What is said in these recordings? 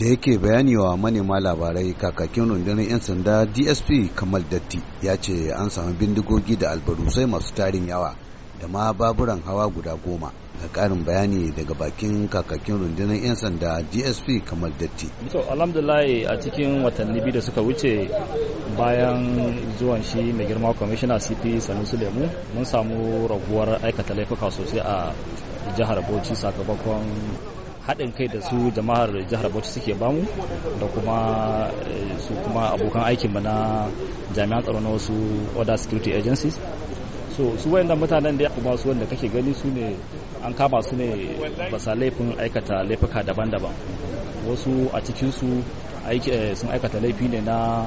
da yake bayani wa manema labarai kakakin rundunar 'yan sanda dsp kamal datti ya ce an samu bindigogi da albarusai masu tarin yawa da ma baburan hawa guda goma da karin bayani daga bakin kakakin rundunar 'yan sanda dsp kamal datti so alhamdulahi a cikin watanni biyu da suka wuce bayan zuwan shi mai girma kwamishina cp sanusi lemu mun samu raguwar aikata laifuka sosai a jihar bauchi sakamakon haɗin kai da su jama'ar jihar bauchi suke bamu da kuma eh, su kuma abokan aikinmu na jami'an tsaro na wasu other security agencies so su da mutanen da kuma su wanda kake gani su ne an kama su ne basa laifin aikata laifuka daban-daban wasu a cikinsu eh, sun aikata laifi ne na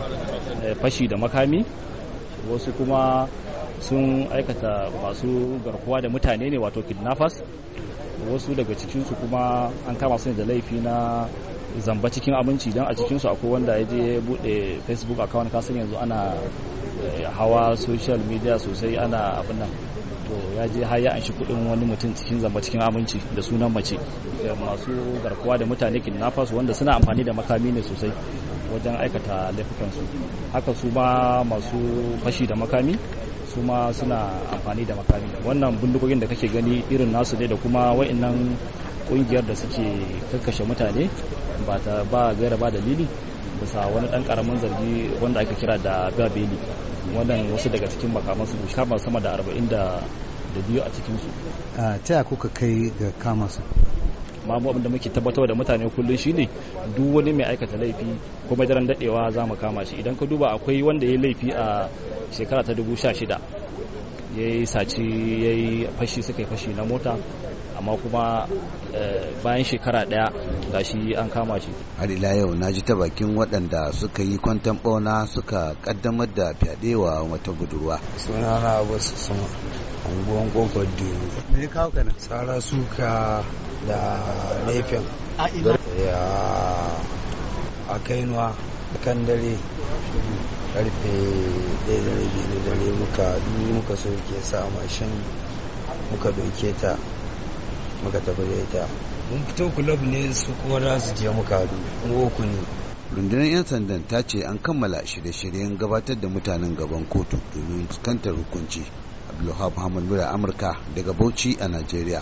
eh, fashi da makami wasu kuma sun aikata masu garkuwa da mutane ne wato kidnappers wasu daga cikinsu kuma an kama su ne da laifi na zamba cikin aminci don a cikinsu akwai wanda ya je bude facebook account kasan yanzu ana eh, hawa social media sosai ana abin nan to ya je har ya anshi kudin wani mutum cikin zamba cikin aminci da sunan mace da masu garkuwa da mutane kidnappers wanda suna amfani da makami ne sosai wajen aikata laifukansu haka su ma masu fashi da makami su ma suna amfani da makami wannan bindigogin da kake gani irin nasu ne da kuma wa'annan kungiyar da suke kakkashe mutane ba ta ba gaira ba dalili bisa wani dan karamin zargi wanda aka kira da gabeli wannan wasu daga cikin makaman su kama sama da arba'in da biyu a a ta ya kuka kai ga kama su mamu abin da muke tabbatar da mutane kullum shine duk wani mai aikata laifi kuma jiran dadewa za mu kama shi idan ka duba akwai wanda ya yi laifi a shekara ta 2016 ya yi sace ya yi fashi suka yi fashi na mota amma kuma eh, bayan shekara daya shi an kama shi har ila yau na ji ta bakin waɗanda suka yi kwantan bauna suka ƙaddamar da fyaɗewa wa wata budurwa suna na su sama unguwan ƙofar duru me kawo kana tsara suka da laifin ya a kainuwa kan dare karfe ɗaya da rabi da dare muka muka soke sa mashin muka doke ta muka tafi da ita mun fito kulob ne su kuma za su je muka hadu mu uku ne rundunar 'yan sandan ta ce an kammala shirye-shiryen gabatar da mutanen gaban kotu domin fuskantar hukunci abdulhab hamad mura amurka daga bauchi a najeriya